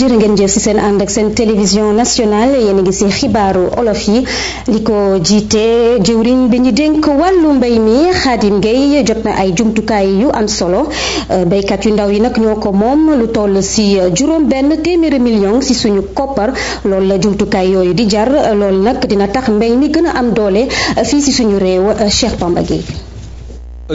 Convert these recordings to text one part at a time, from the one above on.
jërë ngeen jëf si seen ànd ak seen télévision nationale yéen a ngi si xibaaru olof yi li ko jiitee jëwriñ bi ñu dénk wàllu mbay mi Khadim Gueye jot na ay jumtukaay yu am solo euh, béykat yu ndaw yi nag ñoo ko moom lu toll si euh, juróom benn téeméeri million si suñu koppar loolu la jumtukaay yooyu di jar loolu nag dina tax mbay mi gën a am doole euh, fii si suñu réew Cheikh Bamba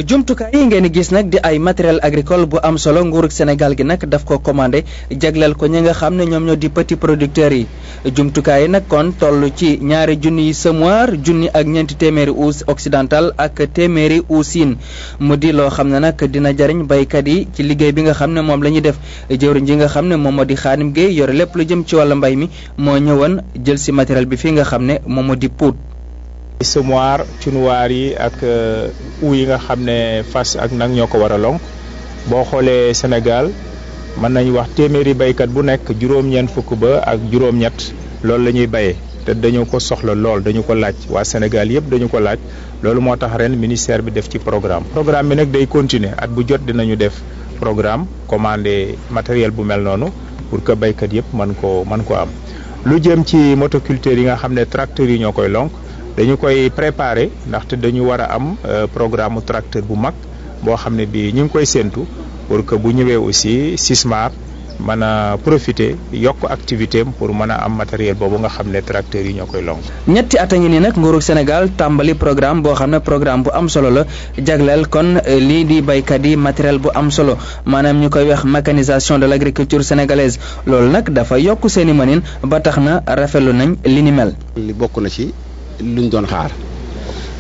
jumtukaay yi ngeen gis nag di ay matériel agricole bu am solo nguurug Sénégal gi nag daf ko commandé jagleel ko ñi nga xam ne ñoom ñoo di petits producteurs yi jumtukaay yi nag kon toll ci ñaari junni yi semoir junni ak ñeenti téeméeri us occidental ak téeméeri usine mu di loo xam ne nag dina jariñ baykat yi ci liggéey bi nga xam ne moom la ñuy def jëwriñ ji nga xam ne moom moo di Xaadim Géey yore lépp lu jëm ci wàllu mbay mi moo ñëwoon jël si matériel bi fii nga xam ne moom moo di Pout semoir cunuwaar yi ak euh, u yi nga xam ne fas ak nag ñoo ko war a lonk boo xoolee Sénégal mën nañu wax téeméeri baykat bu nekk juróom-ñeent fukk ba ak juróom-ñett loolu la ñuy bayee te dañu ko soxla lool dañu ko laaj waa Sénégal yëpp dañu ko laaj loolu moo tax ren ministère bi def ci programme programme bi nag day continuer at bu jot dinañu def programme commandé matériel bu mel noonu pour que baykat yëpp mën ko mën ko am lu jëm ci motoculteurs yi nga xam ne tracteurs yi ñoo koy lonk dañu koy préparer ndaxte dañu war a am euh, programme tracteur bu mag boo xam ne bii ñu ngi koy séentu pour que bu ñëwee aussi Sismar mën a profiter yokk activité am pour mën a am matériel boobu nga xam ne tracteur yi ñoo koy lonk. ñetti at a ngi nii nag nguurug Sénégal tàmbali programme boo xam ne programme bu am solo la jagleel kon euh, lii di baykat yi matériel bu am solo maanaam ñu koy wax mécanisation de l' agriculture sénégalaise loolu nag dafa yokk seeni i mënin tax na rafetlu nañ li ni bokk na ci lu luñ doon xaar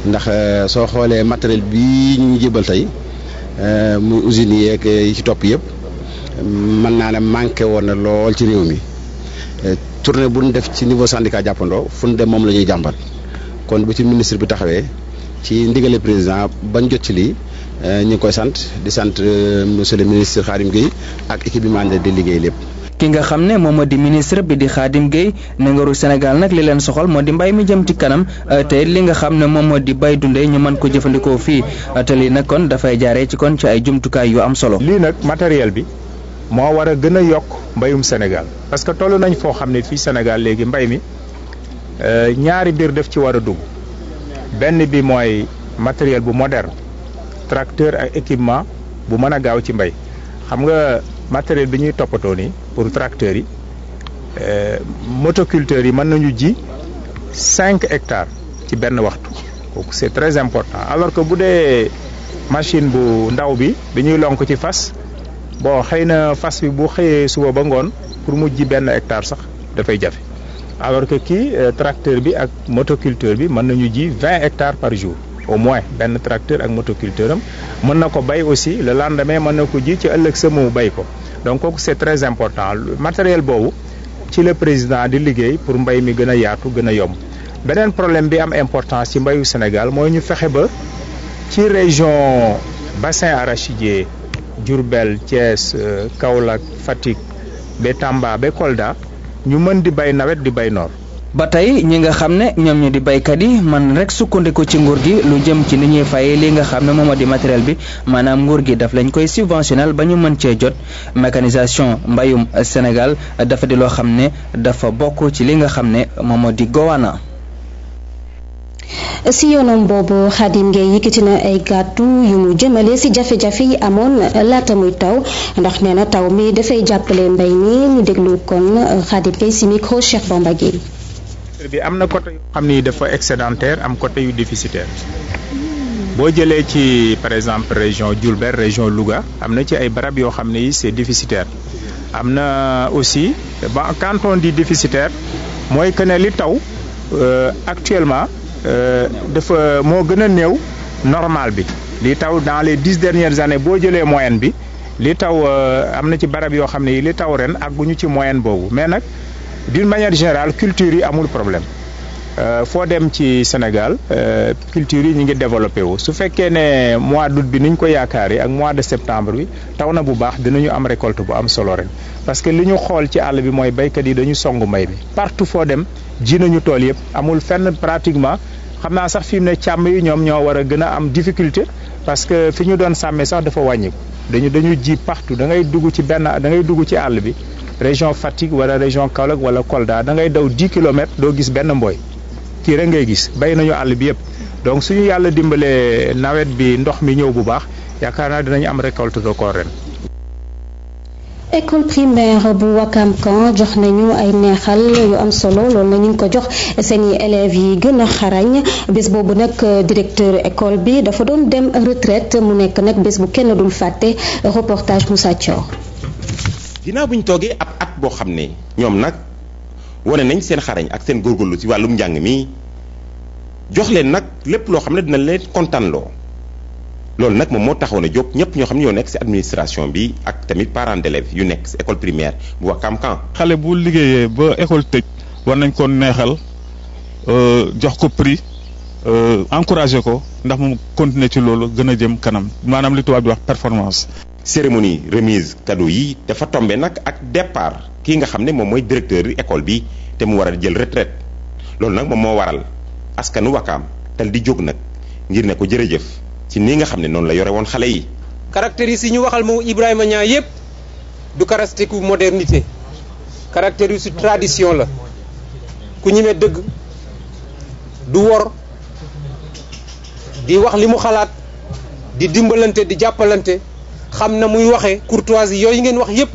ndax euh, soo xoolee matériel bi ñu jébal tey euh, muy usine yeeg yi ci topp yëpp mën naa ne manqué woon na lool ci réew mi euh, tournée bu ñu def ci niveau syndicat jàppandoo fu nu dem moom la ñuy jàmbat kon bu ci ministre bi taxawee ci ndigale président bañ jot ci lii ñu ngi koy sant di sant monsieur ministre Khadim Gueye ak équipe bi mu àndal di liggéey lépp. ki nga xam ne moom moo di ministre bi di Khadim Gueye ne ngaru Sénégal nag li leen soxal moo di mbay mi jëm ci kanam euh, te li nga xam ne moom moo di bay dundee ñu man ko jëfandikoo fii euh, te lii nag kon dafay jaare ci kon ci ay jumtukaay yu am solo. lii nag matériel bi moo war a gën a yokk mbayum Sénégal parce que toll nañ foo xam ne fii Sénégal léegi mbay mi euh, ñaari mbir def ci war a dugg benn bi mooy matériel bu moderne tracteur ak équipement bu mën a gaaw ci mbay matériel bi ñuy toppatoo nii pour tracteurs yi euh, motoculteurs yi mën nañu ji cinq hectares ci benn waxtu kooku c'est très important alors que bu dee machine bu ndaw bi bi ñuy lonk ci fas bon xëy na fas bi bu xëyee suba ba ngoon pour mu ji benn hectare sax dafay jafe alors que kii euh, tracteur bi ak motoculteur bi mën nañu ji vingt hectares par jour au moins benn tracteur ak motoculture am mën na ko bay aussi le lendemain mën na ko ji ci ëllëg sa mu bay ko donc kooku c'est très important matériel boobu ci la président di liggéey pour mbay mi gën a yaatu gën a yomb beneen problème bi am importance ci mbayu Sénégal mooy ñu fexe ba ci région bassin arachidier Diourbel Thiès euh, Kaolack Fatick ba Tamba ba Kolda ñu mën di bay nawet di bay noor ba tey ñi nga xam ne ñoom ñu di baykat yi man rek sukkandiku ci nguur gi lu jëm ci ni ñuy fayee li nga xam ne moom di matériel bi maanaam nguur gi daf lañu koy subventionnel ba ñu mën cee jot mécanisation mbayum Sénégal dafa loo xam ne dafa bokk ci li nga xam ne moom moo di gowaana si yoonam boobu Xaadim Ngay yëkkati na ay gàttu yu mu si jafe-jafe yi amoon laata muy taw ndax nee na taw mi dafay jàppale mbay mi ñu déglu kon Xaadim Ngay si micro Cheikh Bamba Guèye spectre bi am na côté yu xam ni dafa excédentaire am côté yu déficitaire boo jëlee ci par exemple région Diourbel région Louga am na ci ay barab yoo xam ne yi c'est déficitaire am na aussi ba quand di dit mooy que ne li taw euh, actuellement euh, dafa moo gën a néew normal bi li taw dans les dix dernières années boo jëlee moyenne bi li taw euh, am na ci barab yoo xam ne yi li taw ren ak àgguñu ci moyenne boobu mais nag di manière générale culture yi amul problème euh, foo dem ci Sénégal euh, culture yi ñu ngi développé wu su fekkee ne mois d'août bi ni ñu ko yaakaaree ak mois de septembre bi taw na bu baax dinañu am récolte bu am solo ren parce que li ñu xool ci àll bi mooy béykat yi dañu songu mbay bi partout foo dem ji nañu tool yëpp amul fenn pratiquement xam naa sax fi mu ne càmm yi ñoom ñoo war a gën a am difficulté parce que fi ñu doon sàmmee sax dafa wàññiku dañu dañu ji partout da ngay dugg ci benn da ngay dugg ci àll bi région Fatick wala région Kaolack wala Kolda da ngay daw 10 kilomètres doo gis benn mbooy kii rek ngay gis bay nañu àll bi yëpp donc suñu yàlla dimbalee nawet bi ndox mi ñëw bu baax yaakaar naa dinañu am récolte record ren. école primaire bu Wakam Camp jox nañu ay neexal am solo loolu ko jox seen i élèves yi gën a xarañ bés boobu nag directeur école bi dafa doon dem retraite mu nekk nag bés bu kenn dul fàtte reportage Moussa ginnaaw bi ñu toogee ab at boo xam ne ñoom nag wane nañ seen xarañ ak seen góorgóorlu ci wàllum njàng mi jox leen nag lépp loo xam ne dina leen kontaanloo loolu nag moom moo taxaw na jóg ñëpp ñoo xam ne yoo nekk ci administration bi ak tamit parents d'élèves yu nekk ci école primaire bu Wakam Kan xale bu liggéeyee ba école tëj war nañ ko neexal euh, jox ko prix euh, encourager ko ndax mu continuer ci loolu gën a jëm kanam maanaam li tubaab di wax performance cérémonie remise cadeau yi dafa tombé nag ak départ kii nga xam ne moom mooy directeur école bi te mu waral a jël retraite loolu nag moom moo waral askanu wakkaam dal di jóg nag ngir ne ko jërëjëf ci nii nga xam ne noonu la yore woon xale yi. caractéristiques yi ñu waxal moom Ibrahima Niang yëpp du caractéristique modernité caractéristique tradition la ku ñemee dëgg du wor di wax li mu xalaat di dimbalante di jàppalante. xam na muy waxee courtoisie yooyu ngeen wax yëpp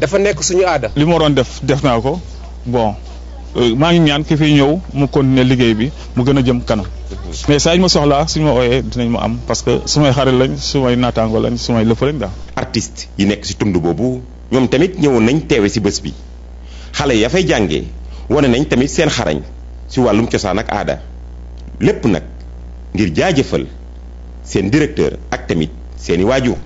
dafa nekk suñu aada. li ma waroon def def naa ko bon euh, maa ngi ñaan ki fiy ñëw mu continuer liggéey bi mu gën a jëm kanam. mais saa ñu ma soxlaa suñu ma ooyee dinañ ma am parce que su may xarit lañ su may naataango lañ su may lëfa lañ artist artiste yi nekk ci tund boobu ñoom tamit ñëwoon nañ teewe ci bës bi xale ya fay jàngee wane nañ tamit seen xarañ ci wàllum cosaan ak aada lépp nag ngir jaajëfal seen directeur ak tamit. seeni waajur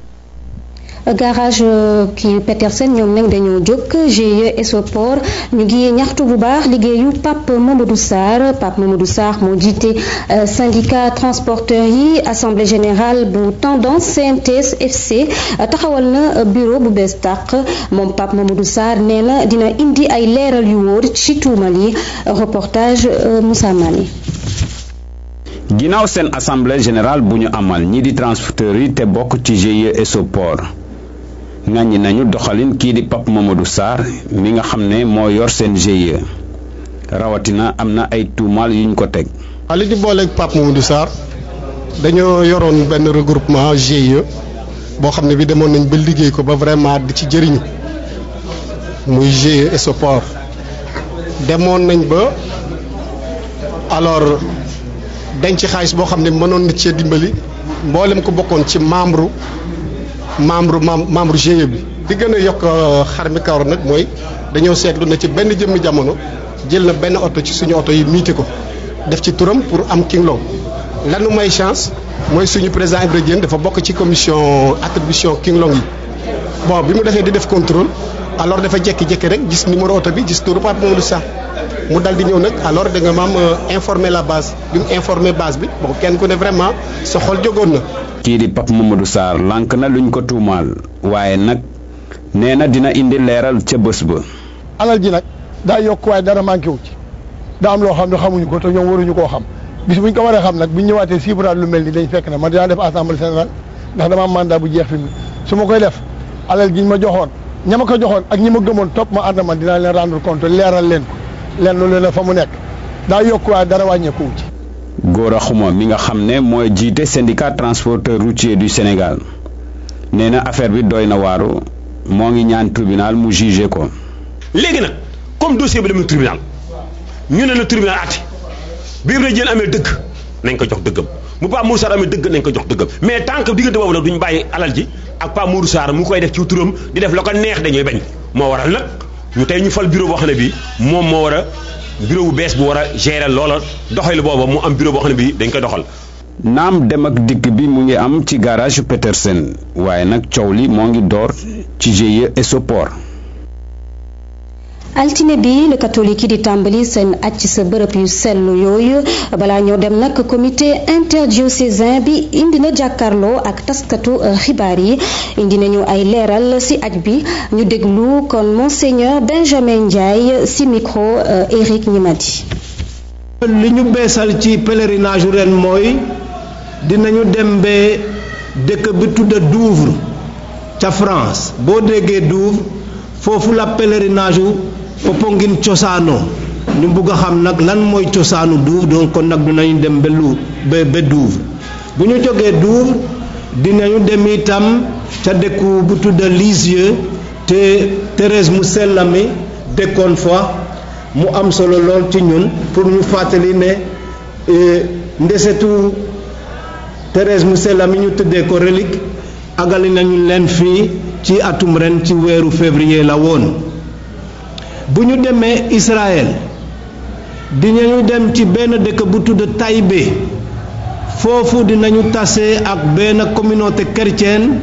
garage euh, kii Petersen ñoom nag dañoo jóg GIE Esopor ñu ngi ñaxtu bu baax liggéeyu Pape Mamadou Sarr Pape Mamadou Sarr moo jiite euh, syndicat transporteur yi assemblée générale bu tendance CNTS FC taxawal na euh, bureau bu bees tàq moom Pape Mamadou Sarr nee na dina indi ay leeral yu wóor ci tuumal yi reportage Moussa ginnaaw seen assemblée général bu ñu amal ñi di transporteurs yi te bokk ci GIE Esopor ŋàññi nañu doxalin kii di Pape Mamadou Sarr mi nga xam ne moo yor seen GIE rawatina am na ay tuumaal yuñ ko teg. waaw li ñu booleeg Pape Mamadou Sarr dañoo yoroon benn regroupement GIE boo xam ne bi demoon nañ ba liggéey ko ba vraiment di ci jëriñu muy GIE Esopor demoon nañ ba alors. denc xaalis boo xam ne mënoon na cee dimbali mboolem ko bokkoon ci membre membre membre GIE bi. di gën a yokk euh, xar mi kawar nag mooy dañoo seetlu na ci benn jëmm jamono jël na benn oto ci suñu oto yi miite ko def ci turam pour am Kinglaw lanu may chance mooy suñu président Ibrahima dafa bokk ci commission attribution Kinglaw yi bon bi mu defee di def contrôle alors dafa jekki-jekki rek gis numéro oto bi gis turu Pape lu Sarr mu dal di ñëw nag alors da nga maam euh, informé la base bi mu informer base bi bon kenn ku ne vraiment sa xol jógoon na. kii di Pape du saar lànk na luñ ko tuumaal waaye nag nee na dina indi leeral ca bés ba. alal ji nag daa yokk waaye dara manqué wu ci daa am loo xam ne xamuñu ko te ñoom waruñu koo xam bis buñ ko waree xam nag buñ ñëwaatee siburaat lu mel ni dañ fekk na man dinaa def assemblée générale ndax dama am bu jeex fi mu su ma koy def alal ji ñu ma joxoon ña ma ko joxoon ak ñi ma gëmoon topp ma ànd man dinaa leen rendre compte leeral leen lenn lu ne fa mu nekk daa yokk waaye dara wàññeekuwu ci. Gora xumoo mi nga xam ne mooy jiite syndicat transporteur routier du Sénégal nee na affaire bi doy na waaru moo ngi ñaan tribunal mu jugé ko. léegi nag comme dossier bi dem na tribunal ñu ne na tribunal àtte bi Ibrahima Diène amee dëgg nañ ko jox dëggam mu Pape Moussa amee dëgg nañ ko jox dëggam mais tant que diggante boobu nag duñ bàyyi alal ji ak Pape Mourou Sarr mu koy def ci turam di def la ko neex dañuy bañ moo waral nag ñu tey ñu fal bureau boo bi moom moo war a bureau bu bees bu war a gérer loola doxali booba mu am bureau boo xam bi dañ ko doxal. naam dem ak dikk bi mu ngi am ci garage Petersen waaye nag coow li moo ngi door ci GIE Esopor. altine bi la catholique yi di tàmbali seen ci sa bërëb yu sell yooyu balaa ñoo dem nag comité interdiocésain bi indi na jàkkarloo ak taskatu euh, xibaar yi indi nañu ay leeral ci aj bi ñu déglu kon monseigneur Benjamin Ndiaye ci micro euh, Éric Ñimadi li ñu beesal ci pèlerinage ren mooy dinañu dem ba dëkk bi tudda Douvres ca France boo déggee Douvres foofu la pèlerinage Popenguine cosaanoo ñu bugg a xam nag lan mooy cosaanu Douve donc kon nag dinañ dem ba lu ba ba Douve bu ñu jógee Douve dinañu dem itam ca dëkku bu tudd Lisieux te Thérèse mu sell dëkkoon fa mu am solo lool ci ñun pour ñu fàttali ne e, ndesetu Thérèse mu sell mi ñu tëddee ko relique agali nañu leen fii ci atum ren ci weeru février la woon. bu ñu demee Israël dinañu dem ci benn dëkk bu tudd Taïbe foofu dinañu tase ak benn communauté chrétienne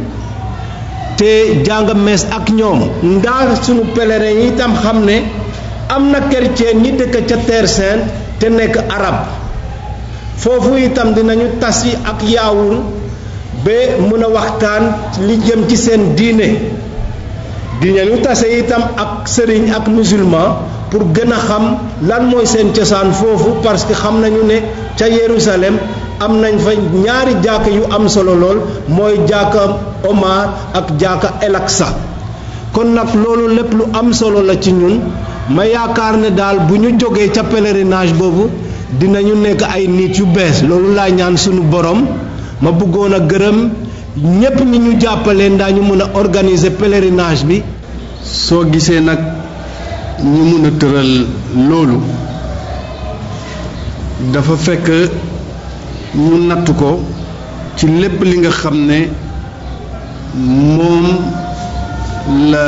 te jàng mees ak ñoom ndax sunu pelerin yi itam xam ne am na chrétien ñi dëkk ca Terre te nekk arab foofu itam dinañu tasi ak yaawur ba mën a waxtaan li jëm ci seen diine dinañu tase itam ak sëriñ ak musulman pour gën a xam lan mooy seen cosaan foofu parce que xam nañu ne ca Yerusalem am nañ fa ñaari jàkka yu am solo lool mooy jàkka Omar ak jàkka El kon nag loolu lépp lu am solo la ci ñun ma yaakaar ne daal bu ñu jógee ca pèlerinage boobu dinañu nekk ay niit yu bees loolu laa ñaan sunu borom ma bëggoon gërëm. ñépp ni ñu jàppale ndaañu mën a organiser pèlerinage bi soo gisee nag ñu mën a tëral loolu dafa fekk ñu natt ko ci lépp li nga xam ne moom la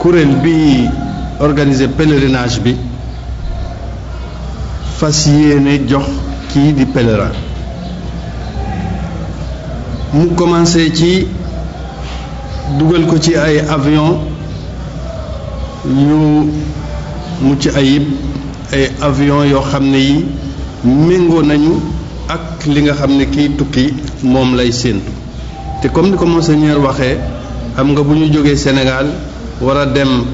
kuréel bi organiser pèlerinage bi fas yéene jox kii di pèlerin mu commencé ci dugal ko ci ay avion yu mucc ayib ay avion yoo xam ne yi méngoo nañu ak li nga xam ne kiy tukki moom lay séentu te comme ni ko monseigneur waxee am nga bu ñu jógee Sénégal war a dem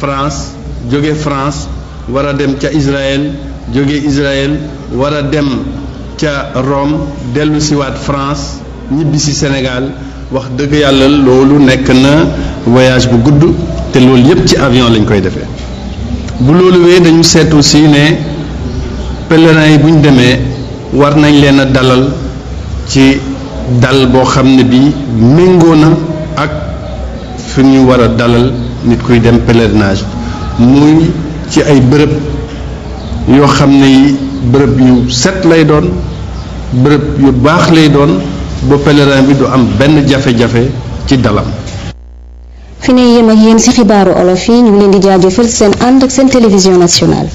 France jóge France war a dem ca Israël jóge Israël war a dem ca Rome dellu siwaat France ñibbisi si wax dëgg yàlla loolu nekk na voyage bu gudd te loolu yépp ci avion lañ koy defe bu loolu wee dañu seet aussi ne pèlerins yi bu demee war nañ leen a dalal ci dal boo xam ne bi méngoo na ak fi ñu war a dalal nit kuy dem pèlerinage muy ci ay bërëb yoo xam ne yi bërëb yu set lay doon bërëb yu baax lay doon ba pèlerin bi du am benn jafe-jafe ci dalam. fi ne yem ak yéen ci xibaaru olof yi ñu ngi leen di jaajëfal seen ànd ak seen télévision nationale.